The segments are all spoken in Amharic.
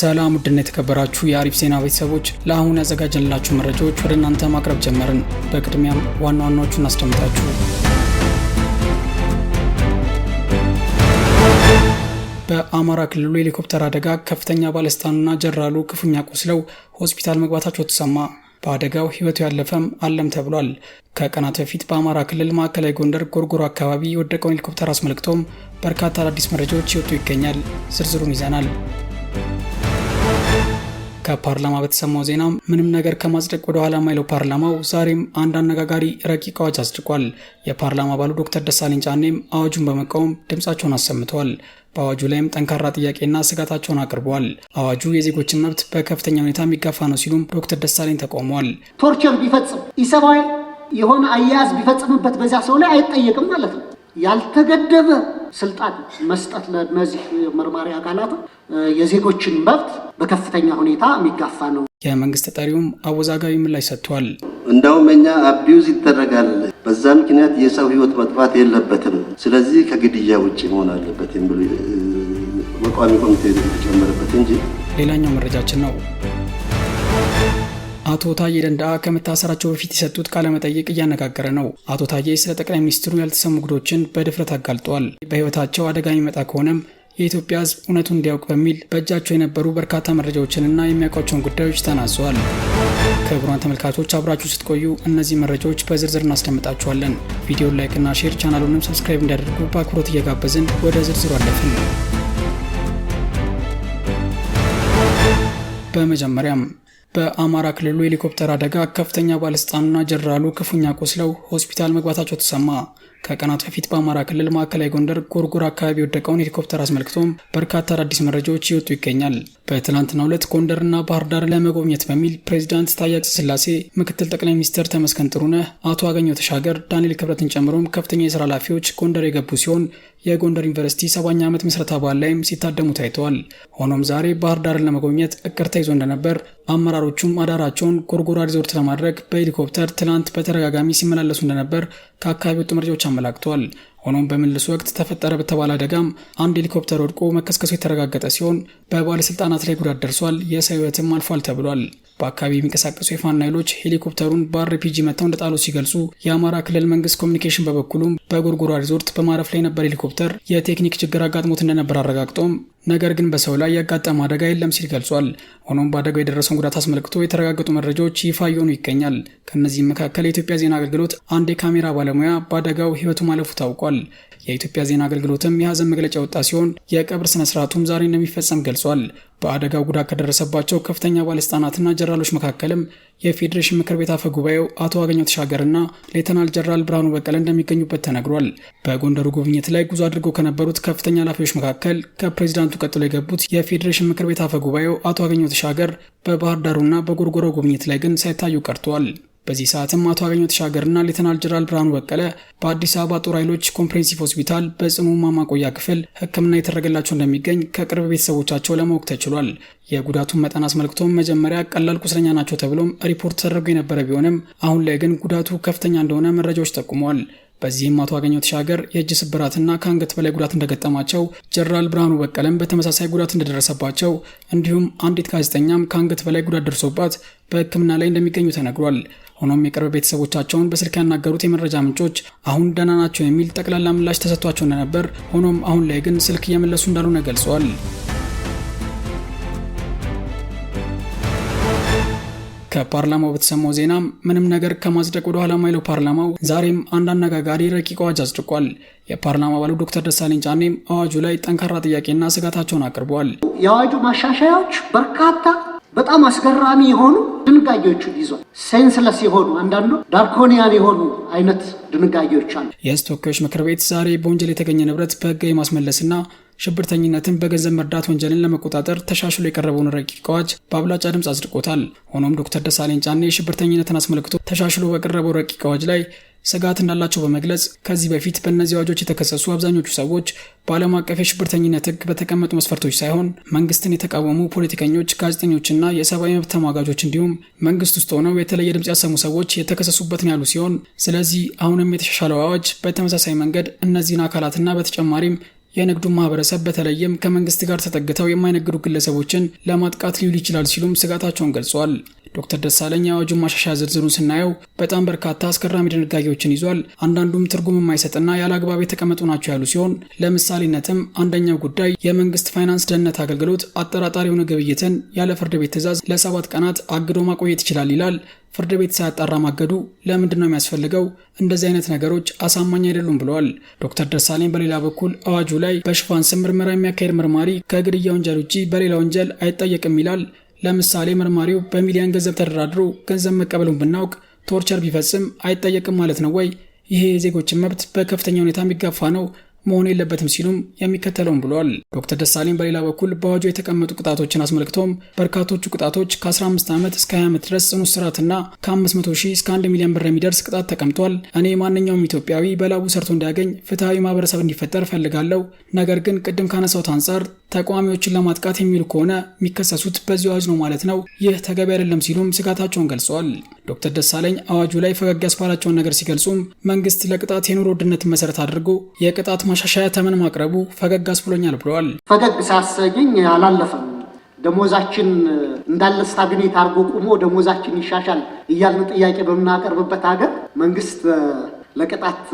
ሰላም ውድና የተከበራችሁ የአሪፍ ዜና ቤተሰቦች ለአሁን ያዘጋጀንላችሁ መረጃዎች ወደ እናንተ ማቅረብ ጀመርን። በቅድሚያም ዋና ዋናዎቹ አስደምጣችሁ በአማራ ክልሉ ሄሊኮፕተር አደጋ ከፍተኛ ባለስልጣኑና ጀራሉ ክፉኛ ቆስለው ሆስፒታል መግባታቸው ተሰማ። በአደጋው ህይወቱ ያለፈም አለም ተብሏል። ከቀናት በፊት በአማራ ክልል ማዕከላዊ ጎንደር ጎርጎሮ አካባቢ የወደቀውን ሄሊኮፕተር አስመልክቶም በርካታ አዳዲስ መረጃዎች ይወጡ ይገኛል። ዝርዝሩን ይዘናል። ከፓርላማ በተሰማው ዜና ምንም ነገር ከማጽደቅ ወደ ኋላ ማይለው ፓርላማው ዛሬም አንድ አነጋጋሪ ረቂቅ አዋጅ አጽድቋል። የፓርላማ አባሉ ዶክተር ደሳለኝ ጫኔም አዋጁን በመቃወም ድምፃቸውን አሰምተዋል። በአዋጁ ላይም ጠንካራ ጥያቄና ስጋታቸውን አቅርበዋል። አዋጁ የዜጎችን መብት በከፍተኛ ሁኔታ የሚጋፋ ነው ሲሉም ዶክተር ደሳለኝ ተቃውመዋል። ቶርቸር ቢፈጽም ኢሰብአዊ የሆነ አያያዝ ቢፈጽምበት በዚያ ሰው ላይ አይጠየቅም ማለት ነው። ያልተገደበ ስልጣን መስጠት ለእነዚህ መርማሪ አካላት የዜጎችን መብት በከፍተኛ ሁኔታ የሚጋፋ ነው። የመንግስት ተጠሪውም አወዛጋቢ ምላሽ ሰጥቷል። እንዳውም እኛ አቢዩዝ ይደረጋል፣ በዛ ምክንያት የሰው ህይወት መጥፋት የለበትም፣ ስለዚህ ከግድያ ውጭ መሆን አለበት የሚሉ በቋሚ ኮሚቴ የተጨመረበት እንጂ ሌላኛው መረጃችን ነው። አቶ ታዬ ደንዳ ከመታሰራቸው በፊት የሰጡት ቃለመጠይቅ እያነጋገረ ነው። አቶ ታዬ ስለ ጠቅላይ ሚኒስትሩ ያልተሰሙ ጉዶችን በድፍረት አጋልጧል። በህይወታቸው አደጋ የሚመጣ ከሆነም የኢትዮጵያ ህዝብ እውነቱን እንዲያውቅ በሚል በእጃቸው የነበሩ በርካታ መረጃዎችንና የሚያውቋቸውን ጉዳዮች ተናዘዋል። ክቡራን ተመልካቾች አብራችሁ ስትቆዩ እነዚህ መረጃዎች በዝርዝር እናስደምጣችኋለን። ቪዲዮን ላይክና ሼር ቻናሉንም ሰብስክራይብ እንዲያደርጉ በአክብሮት እየጋበዝን ወደ ዝርዝሩ አለፍን። በመጀመሪያም በአማራ ክልሉ ሄሊኮፕተር አደጋ ከፍተኛ ባለስልጣኑና ጀነራሉ ክፉኛ ቆስለው ሆስፒታል መግባታቸው ተሰማ። ከቀናት በፊት በአማራ ክልል ማዕከላዊ ጎንደር ጎርጎር አካባቢ የወደቀውን ሄሊኮፕተር አስመልክቶም በርካታ አዳዲስ መረጃዎች ይወጡ ይገኛል። በትናንትናው ዕለት ጎንደርና ባህር ዳር ለመጎብኘት በሚል ፕሬዚዳንት ታዬ አጽቀሥላሴ፣ ምክትል ጠቅላይ ሚኒስትር ተመስገን ጥሩነህ፣ አቶ አገኘሁ ተሻገር፣ ዳንኤል ክብረትን ጨምሮም ከፍተኛ የስራ ኃላፊዎች ጎንደር የገቡ ሲሆን የጎንደር ዩኒቨርሲቲ ሰባኛ ዓመት ምስረታ በዓል ላይም ሲታደሙ ታይተዋል። ሆኖም ዛሬ ባህር ዳርን ለመጎብኘት እቅድ ተይዞ እንደነበር አመራሮቹም አዳራቸውን ጎርጎራ ሪዞርት ለማድረግ በሄሊኮፕተር ትናንት በተደጋጋሚ ሲመላለሱ እንደነበር ከአካባቢ ወጡ መረጃዎች አመላክተዋል። ሆኖም በምልሱ ወቅት ተፈጠረ በተባለ አደጋም አንድ ሄሊኮፕተር ወድቆ መከስከሱ የተረጋገጠ ሲሆን በባለስልጣናት ላይ ጉዳት ደርሷል። የሰው ሕይወትም አልፏል ተብሏል። በአካባቢ የሚንቀሳቀሱ የፋኖ ኃይሎች ሄሊኮፕተሩን በአርፒጂ መጥተው እንደጣሉ ሲገልጹ፣ የአማራ ክልል መንግስት ኮሚኒኬሽን በበኩሉም በጎርጎሯ ሪዞርት በማረፍ ላይ ነበር ሄሊኮፕተር የቴክኒክ ችግር አጋጥሞት እንደነበር አረጋግጦም ነገር ግን በሰው ላይ ያጋጠመ አደጋ የለም ሲል ገልጿል። ሆኖም በአደጋው የደረሰውን ጉዳት አስመልክቶ የተረጋገጡ መረጃዎች ይፋ እየሆኑ ይገኛል። ከእነዚህም መካከል የኢትዮጵያ ዜና አገልግሎት አንድ የካሜራ ባለሙያ በአደጋው ህይወቱ ማለፉ ታውቋል። የኢትዮጵያ ዜና አገልግሎትም የሀዘን መግለጫ ወጣ ሲሆን የቀብር ስነስርዓቱም ዛሬ እንደሚፈጸም ገልጿል። በአደጋው ጉዳት ከደረሰባቸው ከፍተኛ ባለስልጣናትና ጀራሎች መካከልም የፌዴሬሽን ምክር ቤት አፈ ጉባኤው አቶ አገኘው ተሻገርና ሌተናል ጀራል ብርሃኑ በቀለ እንደሚገኙበት ተነግሯል። በጎንደሩ ጉብኝት ላይ ጉዞ አድርገው ከነበሩት ከፍተኛ ኃላፊዎች መካከል ከፕሬዚዳንቱ ቀጥሎ የገቡት የፌዴሬሽን ምክር ቤት አፈ ጉባኤው አቶ አገኘው ተሻገር በባህር ዳሩና በጎርጎራው ጉብኝት ላይ ግን ሳይታዩ ቀርተዋል። በዚህ ሰዓትም አቶ አገኘው ተሻገርና ሌተናል ጀነራል ብርሃኑ በቀለ በአዲስ አበባ ጦር ኃይሎች ኮምፕሬንሲቭ ሆስፒታል በጽኑ ማቆያ ክፍል ሕክምና የተደረገላቸው እንደሚገኝ ከቅርብ ቤተሰቦቻቸው ለማወቅ ተችሏል። የጉዳቱን መጠን አስመልክቶም መጀመሪያ ቀላል ቁስለኛ ናቸው ተብሎም ሪፖርት ተደርጎ የነበረ ቢሆንም አሁን ላይ ግን ጉዳቱ ከፍተኛ እንደሆነ መረጃዎች ጠቁመዋል። በዚህም አቶ አገኘው ተሻገር የእጅ ስብራትና ከአንገት በላይ ጉዳት እንደገጠማቸው፣ ጀነራል ብርሃኑ በቀለም በተመሳሳይ ጉዳት እንደደረሰባቸው፣ እንዲሁም አንዲት ጋዜጠኛም ከአንገት በላይ ጉዳት ደርሶባት በህክምና ላይ እንደሚገኙ ተነግሯል። ሆኖም የቅርብ ቤተሰቦቻቸውን በስልክ ያናገሩት የመረጃ ምንጮች አሁን ደህና ናቸው የሚል ጠቅላላ ምላሽ ተሰጥቷቸው እንደነበር፣ ሆኖም አሁን ላይ ግን ስልክ እየመለሱ እንዳልሆነ ገልጸዋል። ከፓርላማው በተሰማው ዜና ምንም ነገር ከማጽደቅ ወደ ኋላ ማይለው ፓርላማው ዛሬም አንድ አነጋጋሪ ረቂቅ አዋጅ አጽድቋል። የፓርላማ አባሉ ዶክተር ደሳለኝ ጫኔም አዋጁ ላይ ጠንካራ ጥያቄና ስጋታቸውን አቅርበዋል። የአዋጁ ማሻሻያዎች በርካታ በጣም አስገራሚ የሆኑ ድንጋጌዎችን ይዟል። ሴንስለስ የሆኑ አንዳንዱ ዳርኮኒያን የሆኑ አይነት ድንጋጌዎች አሉ። የሕዝብ ተወካዮች ምክር ቤት ዛሬ በወንጀል የተገኘ ንብረት በሕግ የማስመለስና ሽብርተኝነትን በገንዘብ መርዳት ወንጀልን ለመቆጣጠር ተሻሽሎ የቀረበውን ረቂቅ አዋጅ በአብላጫ ድምፅ አጽድቆታል። ሆኖም ዶክተር ደሳለኝ ጫኔ ሽብርተኝነትን አስመልክቶ ተሻሽሎ በቀረበው ረቂቅ አዋጅ ላይ ስጋት እንዳላቸው በመግለጽ ከዚህ በፊት በእነዚህ አዋጆች የተከሰሱ አብዛኞቹ ሰዎች በዓለም አቀፍ የሽብርተኝነት ሕግ በተቀመጡ መስፈርቶች ሳይሆን መንግስትን የተቃወሙ ፖለቲከኞች፣ ጋዜጠኞችና የሰብአዊ መብት ተሟጋቾች እንዲሁም መንግስት ውስጥ ሆነው የተለየ ድምፅ ያሰሙ ሰዎች የተከሰሱበትን ያሉ ሲሆን ስለዚህ አሁንም የተሻሻለው አዋጅ በተመሳሳይ መንገድ እነዚህን አካላትና በተጨማሪም የንግዱ ማህበረሰብ በተለይም ከመንግስት ጋር ተጠግተው የማይነግዱ ግለሰቦችን ለማጥቃት ሊውል ይችላል ሲሉም ስጋታቸውን ገልጿል። ዶክተር ደሳለኝ የአዋጁን ማሻሻያ ዝርዝሩን ስናየው በጣም በርካታ አስገራሚ ድንጋጌዎችን ይዟል። አንዳንዱም ትርጉም የማይሰጥና ያለ አግባብ የተቀመጡ ናቸው ያሉ ሲሆን ለምሳሌነትም አንደኛው ጉዳይ የመንግስት ፋይናንስ ደህንነት አገልግሎት አጠራጣሪ የሆነ ግብይትን ያለ ፍርድ ቤት ትዕዛዝ ለሰባት ቀናት አግዶ ማቆየት ይችላል ይላል። ፍርድ ቤት ሳያጣራ ማገዱ ለምንድን ነው የሚያስፈልገው? እንደዚህ አይነት ነገሮች አሳማኝ አይደሉም ብለዋል ዶክተር ደሳለኝ። በሌላ በኩል አዋጁ ላይ በሽፋን ስም ምርመራ የሚያካሄድ ምርማሪ ከግድያ ወንጀል ውጭ በሌላ ወንጀል አይጠየቅም ይላል። ለምሳሌ መርማሪው በሚሊዮን ገንዘብ ተደራድሮ ገንዘብ መቀበሉን ብናውቅ ቶርቸር ቢፈጽም አይጠየቅም ማለት ነው ወይ? ይሄ የዜጎችን መብት በከፍተኛ ሁኔታ የሚጋፋ ነው። መሆን የለበትም ሲሉም የሚከተለውን ብሏል። ዶክተር ደሳለኝ በሌላ በኩል በአዋጁ የተቀመጡ ቅጣቶችን አስመልክቶም በርካቶቹ ቅጣቶች ከ15 ዓመት እስከ 20 ዓመት ድረስ ጽኑ እስራትና ከ500 ሺህ እስከ 1 ሚሊዮን ብር የሚደርስ ቅጣት ተቀምጧል። እኔ ማንኛውም ኢትዮጵያዊ በላቡ ሰርቶ እንዲያገኝ ፍትሐዊ ማህበረሰብ እንዲፈጠር ፈልጋለሁ። ነገር ግን ቅድም ካነሳሁት አንጻር ተቃዋሚዎችን ለማጥቃት የሚሉ ከሆነ የሚከሰሱት በዚሁ አዋጅ ነው ማለት ነው። ይህ ተገቢ አይደለም ሲሉም ስጋታቸውን ገልጸዋል። ዶክተር ደሳለኝ አዋጁ ላይ ፈገግ ያስባላቸውን ነገር ሲገልጹም መንግስት ለቅጣት የኑሮ ውድነትን መሰረት አድርጎ የቅጣት ማሻሻያ ተመን ማቅረቡ ፈገግ አስብሎኛል ብለዋል። ፈገግ ሳያሰኘኝ አላለፈም። ደሞዛችን እንዳለ ስታግኔት አድርጎ ቁሞ ደሞዛችን ይሻሻል እያልን ጥያቄ በምናቀርብበት ሀገር መንግስት ለቅጣት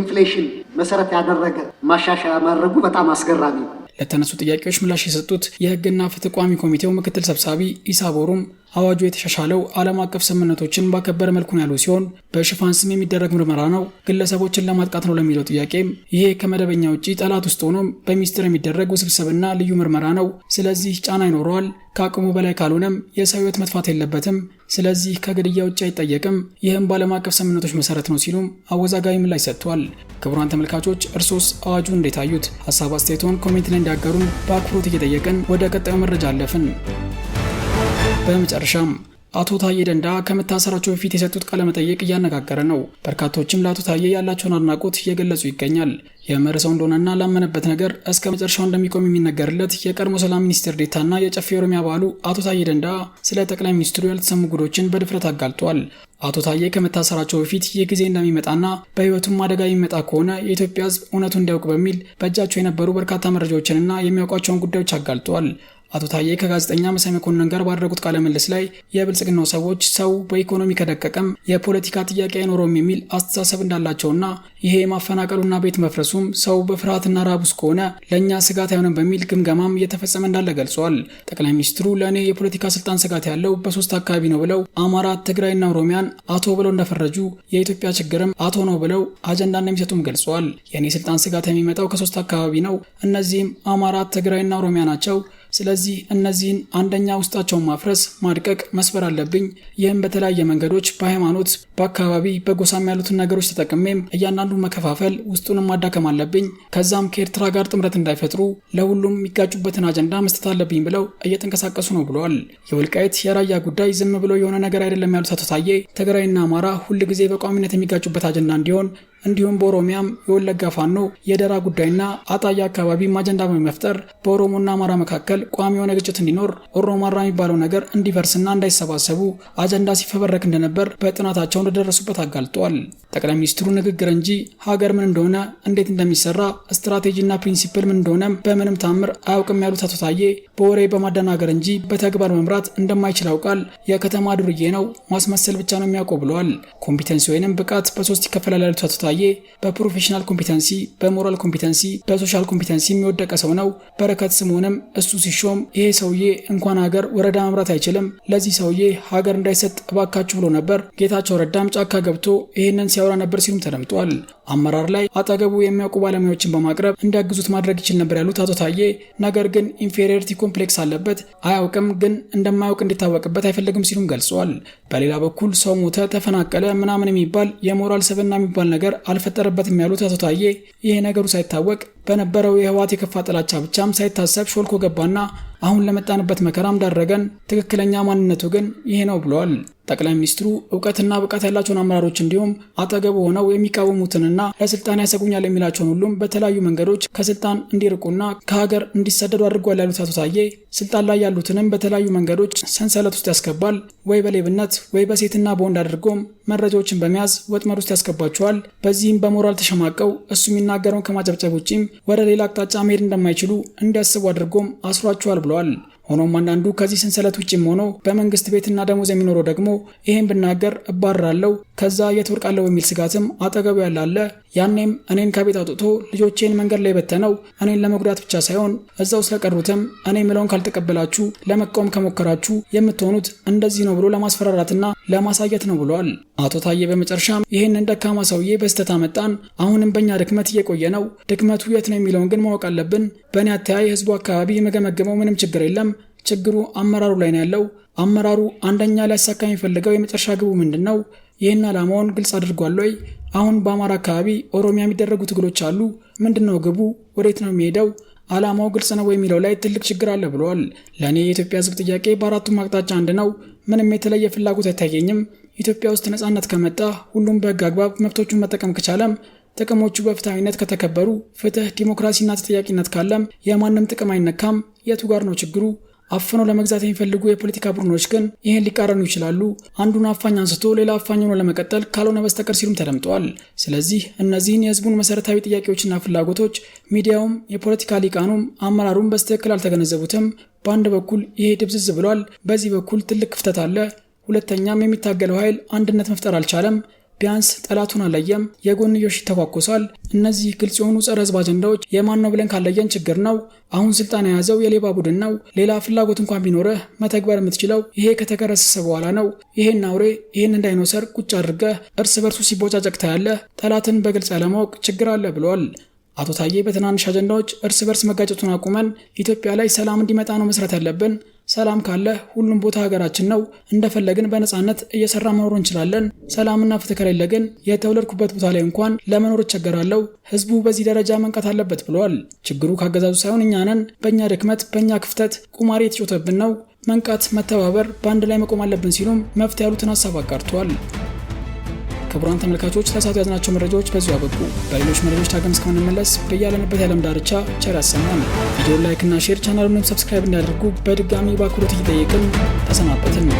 ኢንፍሌሽን መሰረት ያደረገ ማሻሻያ ማድረጉ በጣም አስገራሚ ነው። ለተነሱ ጥያቄዎች ምላሽ የሰጡት የህግና ፍትህ ቋሚ ኮሚቴው ምክትል ሰብሳቢ ኢሳ ቦሩም አዋጁ የተሻሻለው ዓለም አቀፍ ስምምነቶችን ባከበረ መልኩ ነው ያሉ ሲሆን በሽፋን ስም የሚደረግ ምርመራ ነው፣ ግለሰቦችን ለማጥቃት ነው ለሚለው ጥያቄም ይሄ ከመደበኛ ውጭ ጠላት ውስጥ ሆኖም በሚስጥር የሚደረግ ውስብስብና ልዩ ምርመራ ነው። ስለዚህ ጫና ይኖረዋል። ከአቅሙ በላይ ካልሆነም የሰው ሕይወት መጥፋት የለበትም። ስለዚህ ከግድያ ውጭ አይጠየቅም። ይህም በዓለም አቀፍ ስምምነቶች መሰረት ነው ሲሉም አወዛጋቢ ምላሽ ሰጥቷል። ክቡራን ተመልካቾች እርሶስ አዋጁ እንዴት አዩት? ሀሳብ አስተያየቶን ኮሜንት ላይ እንዲያገሩን በአክብሮት እየጠየቅን ወደ ቀጣዩ መረጃ አለፍን። በመጨረሻም አቶ ታዬ ደንዳ ከመታሰራቸው በፊት የሰጡት ቃለመጠይቅ እያነጋገረ ነው። በርካቶችም ለአቶ ታዬ ያላቸውን አድናቆት እየገለጹ ይገኛል። የመረሰው ሰው እንደሆነና ላመነበት ነገር እስከ መጨረሻው እንደሚቆም የሚነገርለት የቀድሞ ሰላም ሚኒስትር ዴታና የጨፌ ኦሮሚያ ባሉ አቶ ታዬ ደንዳ ስለ ጠቅላይ ሚኒስትሩ ያልተሰሙ ጉዶችን በድፍረት አጋልጧል። አቶ ታዬ ከመታሰራቸው በፊት ይህ ጊዜ እንደሚመጣና በህይወቱም አደጋ የሚመጣ ከሆነ የኢትዮጵያ ህዝብ እውነቱ እንዲያውቅ በሚል በእጃቸው የነበሩ በርካታ መረጃዎችንና የሚያውቋቸውን ጉዳዮች አጋልጧል። አቶ ታዬ ከጋዜጠኛ መሳይ መኮንን ጋር ባደረጉት ቃለ ምልልስ ላይ የብልጽግናው ሰዎች ሰው በኢኮኖሚ ከደቀቀም የፖለቲካ ጥያቄ አይኖረውም የሚል አስተሳሰብ እንዳላቸውና ይሄ የማፈናቀሉና ቤት መፍረሱም ሰው በፍርሃትና ራቡስ ከሆነ ለእኛ ስጋት አይሆንም በሚል ግምገማም እየተፈጸመ እንዳለ ገልጿል። ጠቅላይ ሚኒስትሩ ለእኔ የፖለቲካ ስልጣን ስጋት ያለው በሶስት አካባቢ ነው ብለው አማራ፣ ትግራይና ኦሮሚያን አቶ ብለው እንደፈረጁ የኢትዮጵያ ችግርም አቶ ነው ብለው አጀንዳ እንደሚሰጡም ገልጿል። የእኔ ስልጣን ስጋት የሚመጣው ከሶስት አካባቢ ነው። እነዚህም አማራ፣ ትግራይና ኦሮሚያ ናቸው። ስለዚህ እነዚህን አንደኛ ውስጣቸውን ማፍረስ፣ ማድቀቅ፣ መስበር አለብኝ። ይህም በተለያየ መንገዶች በሃይማኖት፣ በአካባቢ፣ በጎሳም ያሉትን ነገሮች ተጠቅሜም እያንዳንዱ መከፋፈል፣ ውስጡንም ማዳከም አለብኝ። ከዛም ከኤርትራ ጋር ጥምረት እንዳይፈጥሩ ለሁሉም የሚጋጩበትን አጀንዳ መስጠት አለብኝ ብለው እየተንቀሳቀሱ ነው ብለዋል። የወልቃይት የራያ ጉዳይ ዝም ብሎ የሆነ ነገር አይደለም ያሉት አቶ ታዬ ትግራይና አማራ ሁልጊዜ በቋሚነት የሚጋጩበት አጀንዳ እንዲሆን እንዲሁም በኦሮሚያም የወለጋ ፋኖ የደራ ጉዳይና አጣያ አካባቢ አጀንዳ በመፍጠር በኦሮሞና አማራ መካከል ቋሚ የሆነ ግጭት እንዲኖር ኦሮማራ የሚባለው ነገር እንዲፈርስና እንዳይሰባሰቡ አጀንዳ ሲፈበረክ እንደነበር በጥናታቸው እንደደረሱበት አጋልጠዋል። ጠቅላይ ሚኒስትሩ ንግግር እንጂ ሀገር ምን እንደሆነ እንዴት እንደሚሰራ ስትራቴጂና ፕሪንሲፕል ምን እንደሆነም በምንም ታምር አያውቅም ያሉት አቶ ታዬ በወሬ በማደናገር እንጂ በተግባር መምራት እንደማይችል ያውቃል። የከተማ ዱርዬ ነው፣ ማስመሰል ብቻ ነው የሚያውቀው ብለዋል። ኮምፒተንሲ ወይንም ብቃት በሶስት ይከፈላል ያሉት አቶ ታዬ ካየ በፕሮፌሽናል ኮምፒተንሲ፣ በሞራል ኮምፒተንሲ፣ በሶሻል ኮምፒተንሲ የሚወደቀ ሰው ነው። በረከት ስምኦንም እሱ ሲሾም ይሄ ሰውዬ እንኳን ሀገር ወረዳ መምራት አይችልም፣ ለዚህ ሰውዬ ሀገር እንዳይሰጥ እባካችሁ ብሎ ነበር። ጌታቸው ረዳም ጫካ ገብቶ ይህንን ሲያወራ ነበር ሲሉም ተደምጧል። አመራር ላይ አጠገቡ የሚያውቁ ባለሙያዎችን በማቅረብ እንዲያግዙት ማድረግ ይችል ነበር ያሉት አቶ ታዬ፣ ነገር ግን ኢንፌሪዮሪቲ ኮምፕሌክስ አለበት፣ አያውቅም፣ ግን እንደማያውቅ እንዲታወቅበት አይፈልግም ሲሉም ገልጸዋል። በሌላ በኩል ሰው ሞተ፣ ተፈናቀለ ምናምን የሚባል የሞራል ስብና የሚባል ነገር አልፈጠረበትም ያሉት አቶ ታዬ ይሄ ነገሩ ሳይታወቅ በነበረው የህወሓት የከፋ ጥላቻ ብቻም ሳይታሰብ ሾልኮ ገባና አሁን ለመጣንበት መከራም ዳረገን፣ ትክክለኛ ማንነቱ ግን ይሄ ነው ብለዋል። ጠቅላይ ሚኒስትሩ እውቀትና ብቃት ያላቸውን አመራሮች እንዲሁም አጠገቡ ሆነው የሚቃወሙትንና ለስልጣን ያሰጉኛል የሚላቸውን ሁሉም በተለያዩ መንገዶች ከስልጣን እንዲርቁና ከሀገር እንዲሰደዱ አድርጓል ያሉት አቶ ታዬ ስልጣን ላይ ያሉትንም በተለያዩ መንገዶች ሰንሰለት ውስጥ ያስገባል፣ ወይ በሌብነት ወይ በሴትና በወንድ አድርጎም መረጃዎችን በመያዝ ወጥመድ ውስጥ ያስገባቸዋል። በዚህም በሞራል ተሸማቀው እሱ የሚናገረውን ከማጨብጨብ ውጪም ወደ ሌላ አቅጣጫ መሄድ እንደማይችሉ እንዲያስቡ አድርጎም አስሯቸዋል ብለዋል። ሆኖም አንዳንዱ ከዚህ ሰንሰለት ውጭም ሆኖ በመንግስት ቤትና ደሞዝ የሚኖረው ደግሞ ይሄን ብናገር እባራለው፣ ከዛ የት ወርቃለው የሚል ስጋትም አጠገቡ ያላለ ያኔም እኔን ከቤት አውጥቶ ልጆቼን መንገድ ላይ በተነው እኔን ለመጉዳት ብቻ ሳይሆን እዛው ስለቀሩትም እኔ ምለውን ካልተቀበላችሁ ለመቃወም ከሞከራችሁ የምትሆኑት እንደዚህ ነው ብሎ ለማስፈራራትና ለማሳየት ነው ብሏል። አቶ ታዬ በመጨረሻም ይህንን ደካማ ሰውዬ በስተት አመጣን፣ አሁንም በእኛ ድክመት እየቆየ ነው። ድክመቱ የት ነው የሚለውን ግን ማወቅ አለብን። በእኔ አተያይ ህዝቡ አካባቢ የመገመገመው ምንም ችግር የለም። ችግሩ አመራሩ ላይ ነው ያለው። አመራሩ አንደኛ ሊያሳካ የሚፈልገው የመጨረሻ ግቡ ምንድን ነው? ይህን አላማውን ግልጽ አድርጓል ወይ? አሁን በአማራ አካባቢ ኦሮሚያ የሚደረጉ ትግሎች አሉ። ምንድን ነው ግቡ? ወዴት ነው የሚሄደው? ዓላማው ግልጽ ነው የሚለው ላይ ትልቅ ችግር አለ ብለዋል። ለእኔ የኢትዮጵያ ሕዝብ ጥያቄ በአራቱም አቅጣጫ አንድ ነው። ምንም የተለየ ፍላጎት አይታየኝም። ኢትዮጵያ ውስጥ ነጻነት ከመጣ ሁሉም በሕግ አግባብ መብቶቹን መጠቀም ከቻለም ጥቅሞቹ በፍትሐዊነት ከተከበሩ፣ ፍትህ፣ ዲሞክራሲና ተጠያቂነት ካለም የማንም ጥቅም አይነካም። የቱ ጋር ነው ችግሩ? አፍኖ ለመግዛት የሚፈልጉ የፖለቲካ ቡድኖች ግን ይህን ሊቃረኑ ይችላሉ። አንዱን አፋኝ አንስቶ ሌላ አፋኝ ሆኖ ለመቀጠል ካልሆነ በስተቀር ሲሉም ተደምጠዋል። ስለዚህ እነዚህን የህዝቡን መሰረታዊ ጥያቄዎችና ፍላጎቶች ሚዲያውም የፖለቲካ ሊቃኑም አመራሩም በስትክክል አልተገነዘቡትም። በአንድ በኩል ይሄ ድብዝዝ ብሏል፣ በዚህ በኩል ትልቅ ክፍተት አለ። ሁለተኛም የሚታገለው ኃይል አንድነት መፍጠር አልቻለም። ቢያንስ ጠላቱን አለየም፣ የጎንዮሽ ይተኳኩሷል። እነዚህ ግልጽ የሆኑ ጸረ ህዝብ አጀንዳዎች የማን ነው ብለን ካለየን ችግር ነው። አሁን ስልጣን የያዘው የሌባ ቡድን ነው። ሌላ ፍላጎት እንኳን ቢኖርህ መተግበር የምትችለው ይሄ ከተገረሰሰ በኋላ ነው። ይሄን አውሬ ይህን እንዳይኖሰር ቁጭ አድርገህ እርስ በርሱ ሲቦጫጨቅ ታያለህ። ጠላትን በግልጽ ያለማወቅ ችግር አለ ብሏል። አቶ ታዬ በትናንሽ አጀንዳዎች እርስ በርስ መጋጨቱን አቁመን ኢትዮጵያ ላይ ሰላም እንዲመጣ ነው መስራት ያለብን ሰላም ካለ ሁሉም ቦታ ሀገራችን ነው። እንደፈለግን በነፃነት እየሰራ መኖር እንችላለን። ሰላምና ፍትህ ከሌለ ግን የተወለድኩበት ቦታ ላይ እንኳን ለመኖር እቸገራለሁ። ህዝቡ በዚህ ደረጃ መንቃት አለበት ብለዋል። ችግሩ ካገዛዙ ሳይሆን እኛ ነን። በእኛ ድክመት፣ በእኛ ክፍተት ቁማሬ የተጮተብን ነው። መንቃት፣ መተባበር፣ በአንድ ላይ መቆም አለብን ሲሉም መፍትሄ ያሉትን ሀሳብ አጋርተዋል። ክቡራን ተመልካቾች ለሰዓቱ ያዝናቸው መረጃዎች በዚሁ ያበቁ። በሌሎች መረጃዎች ዳግም እስከምንመለስ በያለንበት የዓለም ዳርቻ ቸር ያሰማን። ቪዲዮ ላይክና ሼር፣ ቻናሉንም ሰብስክራይብ እንዳደርጉ በድጋሚ በአክብሮት እየጠየቅን ተሰናበትን።